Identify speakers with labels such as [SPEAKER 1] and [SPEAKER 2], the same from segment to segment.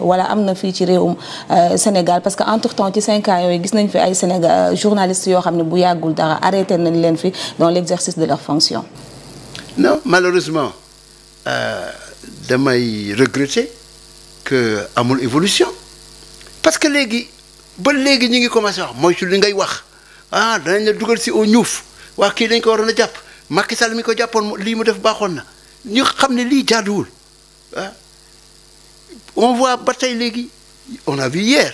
[SPEAKER 1] wala amener na fii ci euh, Sénégal parce que entre temps ci cinq ans yooyu gis nañ fi ay euh, journalistes yoo xam ne bu yàggul dara arrêté nañ fi dans l'exercice de leur fonction non malheureusement euh, damay regretter que amour évolution parce que léegi ba léegi ñu ngi commencé wax mooy su li ngay wax ah dans la double si au ñuuf waa kii dañ ko waroon a jàpp Macky Sall mi ko jàppoon lii mu def baaxoon na ñu xam ne lii ah on voit Bataille Légui, on a vu hier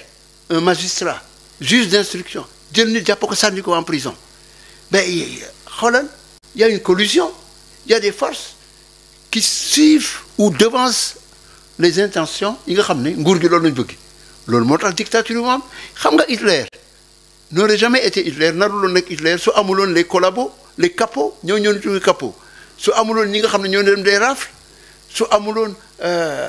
[SPEAKER 1] un magistrat, juge d'instruction, pas Diapokosaniko en prison. Ben, il y a une collusion, il y a des forces qui suivent ou devancent les intentions. Il y a une dictature. Hitler n'aurait jamais été Hitler. Hitler, si amoulon les collabos, les capots, nous avons été les capots. Si amoulon, nous avons des rafles, si amoulon. Euh,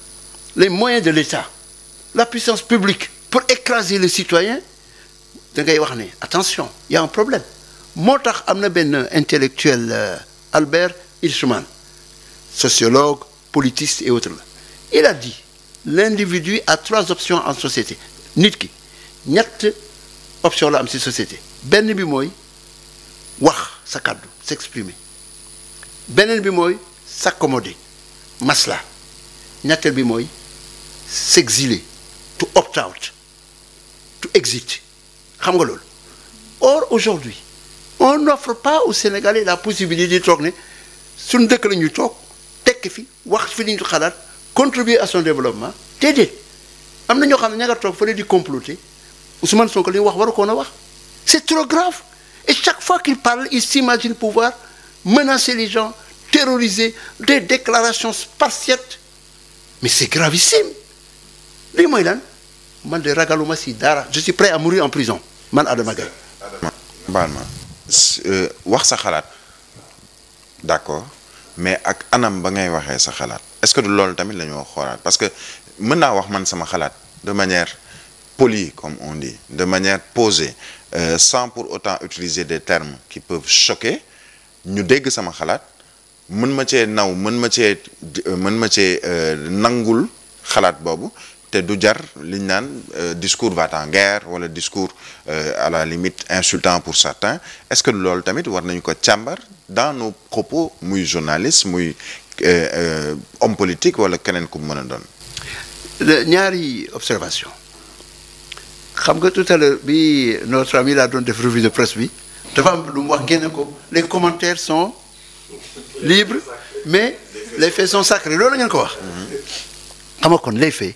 [SPEAKER 1] les moyens de l'État, la puissance publique, pour écraser les citoyens, attention, il y a un problème intellectuel euh, Albert Hirschman sociologue politiste et autres il a dit l'individu a trois options en société Nitki. Il option la options en société Ben bi s'exprimer ben s'accommoder masla s'exiler to opt out to exit or aujourd'hui on n'offre pas aux Sénégalais la possibilité de troquer la contribuer à son développement t'aider. comploter Ousmane c'est trop grave et chaque fois qu'il parle il s'imagine pouvoir menacer les gens terroriser des déclarations spartiates mais c'est gravissime lii mooy man de ragaluma si dara je suis prêt à mourir en prison man Adama Gaye baal ma euh, wax sa xalaat d'accord mais ak anam ba ngay waxe sa xalaat est-ce que du loolu tamit lañu ñoo parce que mën naa wax man sama xalaat de manière polie comme on dit de manière posée euh, sans pour autant utiliser des termes qui peuvent choquer ñu dégg sama xalaat mën ma ci naw mën ma ci euh, mën ma ci euh, nangul xalaat bobu te du jar euh, discours va en guerre le discours euh, à la limite insultant pour certains est-ce que nous tamit war nañu ko dans nos propos muy journaliste muy euh, homme politique wala keneen ku mën a observation Comme nga tout à l'heure notre ami a donné des revues de presse bi devant les commentaires sont libres mais les faits sont sacrés la ngeen ko wax. Mhm. les faits.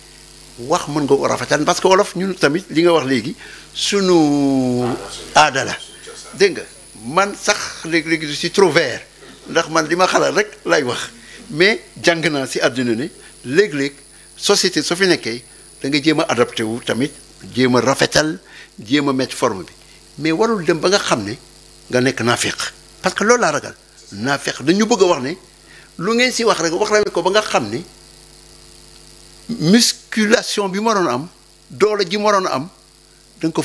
[SPEAKER 1] wax mën nga ko rafetal parce que wolof ñun tamit li nga wax sunu adala deng man sax leg leg ci trop vert ndax man lima xalal rek lay wax mais jàng si àdduna ne leg-leg société sofi nekay da nga jema wu tamit jema rafetal jema met mettre forme bi mais warul dem ba nga xam nga nek nafiq parce que loolu ragal nafiq dañu bëgg wax ne lu ngeen si wax rek wax la ko ba nga musculation bi mo am doole ji mo am ont ko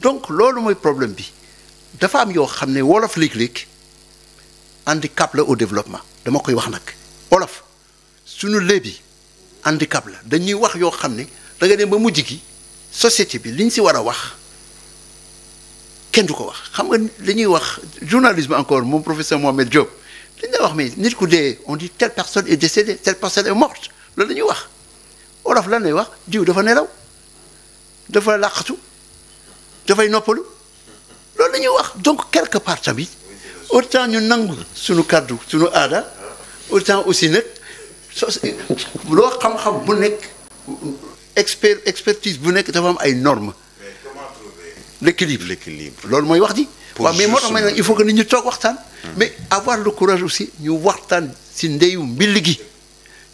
[SPEAKER 1] donc loolu problème bi dafa am yoo xam wolof handicap au développement dama koy wax nag wolof suñu handicap la dañuy wax yoo xam da nga ba société bi liñ si a wax du ko wax xam nga journalisme encore mon professeur Mohamed Diop liñ wax mais nit on dit telle personne est décédée telle personne est morte loolu la ñuy wax olof lan lay wax diw dafa nelaw dafa làqatu dafay noppalu loolu la ñuy wax donc quelque part tamit autant ñu nangu suñu kàddu suñu aada autant aussi nag loo xam-xam bu nekk expert expertise bu nekk dafa am ay normes l'équilibre l'équilibre loolu mooy wax di waaw mais moo tax ma il faut que nit ñu toog waxtaan hmm. mais avoir le courage aussi ñu waxtaan si ndeyu mbill gi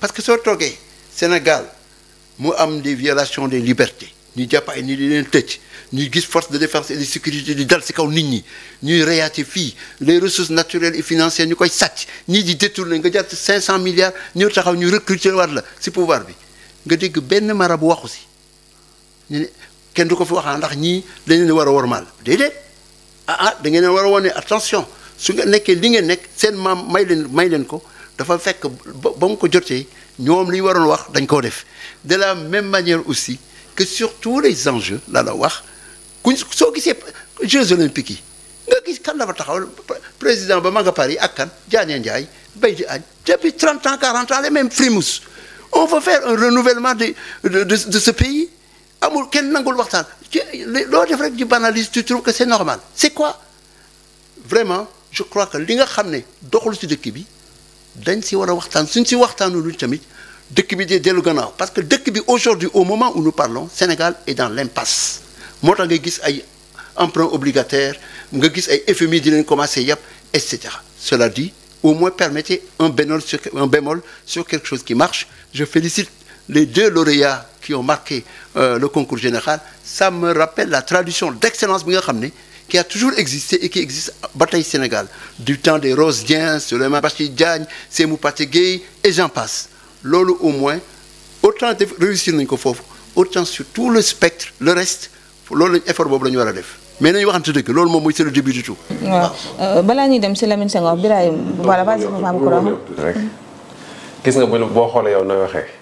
[SPEAKER 1] parce que soo toogee Sénégal nous am des violations des libertés ñu jàpp ay nit di leen forces gis force de défense et de sécurité di dal ci kaw nit ñi ñuy reyaate les ressources naturelles et financières Ni koy sàcc ñii di détourner, nga 500 milliards Ni taxaw ñu recruter waat la ci pouvoir bi nga que Ben mara bu waxu ci ñu ne kenn du ko fi waxaa ah, ndax ñii dañ leen war a wormaal ah ah da ngeen war attention su nga nekkee li ngeen nekk seen ma may leen may ko dafa fekk ba ko jotee ñoom li wax dañ ko def de la même manière aussi que sur tous les enjeux la la wax kuñ soo gisee Jeux olympiques yi nga gis kan la fa taxawal président ba ma nga Paris ak kan depuis 30 ans 40 ans les mêmes frimous on veut faire un renouvellement de de de ce pays amul kenn nangul waxtaan loo def rek di banalise tu trouves que c'est normal c'est quoi vraiment je crois que li nga xam ne doxul ci dëkk bi dañ si war a waxtaan suñ si waxtaanul tamit dëkk bi dee dellu gannaaw parce que dëkk bi aujourd'hui au moment où nous parlons Sénégal est dans l'impasse moo tax nga ay emprunt obligataire nga gis ay FMI di leen commencé et cetera cela dit au moins permettez un bémol sur quelque chose qui marche je félicite les deux lauréats qui ont marqué euh, le concours général ça me rappelle la tradition d'excellence bi nga xam ne qui a toujours existé et qui existe bataille Sénégal, du temps des Rosiens, Suleiman Bachi Diagne, Semou Pategui, et j'en passe. Lolo au moins, autant de réussir autant sur tout le spectre, le reste, lolo effort bobu lañu wara def. mais nañu waxante dëgg l'olo moom mooy c'est le début du tout. waaw euh, balaa ñuy dem M. Lamine Senghor Birahim voilà vas-y papa Qu'est-ce nga boo xoolee yow nooy waxee.